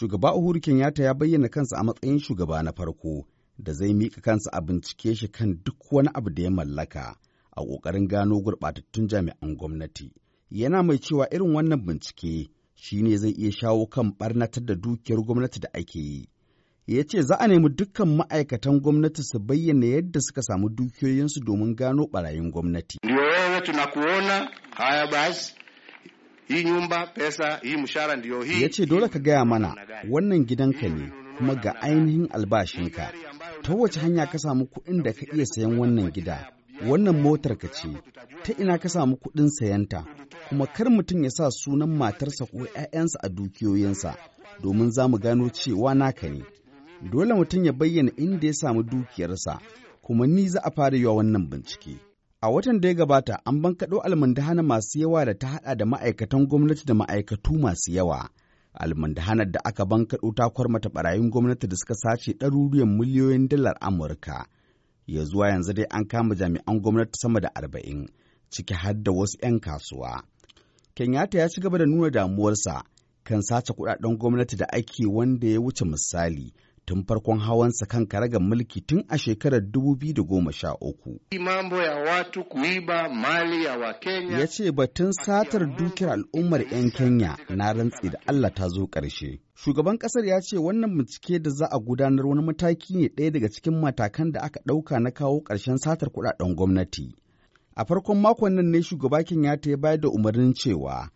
Shugaba Uhuru Kenyatta ya bayyana kansa a matsayin shugaba na farko da zai miƙa kansa a bincike shi kan duk wani abu da ya mallaka a ƙoƙarin gano gurɓatattun jami'an gwamnati. Yana mai cewa irin wannan bincike shi ne zai iya shawo kan ɓarnatar da dukiyar gwamnati da ake yi. Ya ce za a nemi dukkan ma'aikatan gwamnati su bayyana yadda suka samu dukiyoyinsu domin gano ɓarayin gwamnati. Ndio tunakuona haya basi hii nyumba pesa hii mshahara ndiyo hii. Yace dole ka gaya mana wannan gidanka ne kuma ga ainihin albashinka. Ta wace hanya ka samu kuɗin da ka iya sayan wannan gida? Wannan motar ka ce, ta ina ka samu kuɗin sayanta, kuma kar mutum ya sa sunan matarsa ko 'ya'yansa a dukiyoyinsa, domin za mu gano cewa naka ne. Dole mutum ya bayyana inda ya samu dukiyarsa, kuma ni za a fara yiwa wannan bincike. A watan da ya gabata an bankaɗo almundahana masu yawa da ta haɗa da ma'aikatan gwamnati da ma'aikatu masu yawa. Almandahanar da aka bankaɗo ta kwarmata barayin gwamnati da suka sace ɗaruruwan miliyoyin dalar Amurka. Ya zuwa yanzu dai an kama jami'an gwamnati sama da arba'in, ciki har da wasu 'yan kasuwa. Kenyatta ya ci gaba da nuna damuwarsa kan sace kuɗaɗen gwamnati da ake wanda ya wuce misali. tun farkon hawansa kan karagar mulki tun a shekarar 2013. biyu ya goma sha uku. ya Ya ce batun satar dukiyar al'ummar 'yan Kenya na rantsi da Allah ta zo ƙarshe. Shugaban ƙasar ya ce wannan bincike da za a gudanar wani mataki ne ɗaya daga cikin matakan da aka ɗauka na kawo ƙarshen satar kuɗaɗen gwamnati. A farkon makon nan ne shugaba Kenyatta ya bayar da umarnin cewa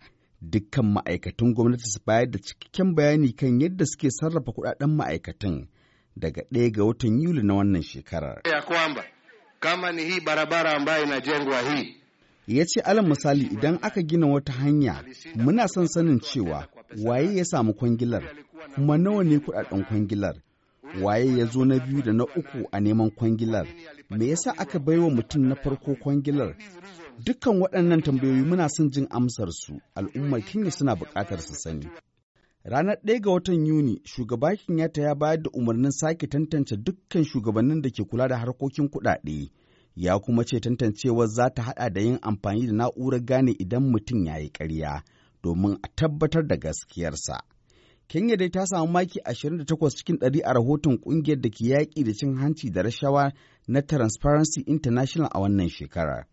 dukkan ma'aikatan gwamnati su bayar da cikakken bayani kan yadda suke sarrafa kudaden ma'aikatan daga ɗaya ga watan Yuli na wannan shekarar. Ya kama ni hii barabara ambayo inajengwa hii ya ce alal misali idan aka gina wata hanya muna son sanin cewa waye ya samu kwangilar kuma nawa ne kudaden kwangilar waye ya zo na biyu da na uku a neman kwangilar me yasa aka baiwa mutum na farko kwangilar Dukkan waɗannan tambayoyi muna son jin amsarsu al'ummar Kenya suna buƙatar su sani. Ranar ɗaya ga watan Yuni, shugaba Yata ya bayar da umarnin sake tantance dukkan shugabannin da ke kula da harkokin kuɗaɗe, ya kuma ce tantancewar za ta haɗa da yin amfani da na'urar gane idan mutum ya yi ƙarya domin a tabbatar da gaskiyarsa. Kenya dai ta samu maki 28 cikin 100 a rahoton ƙungiyar da ke yaƙi da cin hanci da rashawa na Transparency International a wannan shekarar.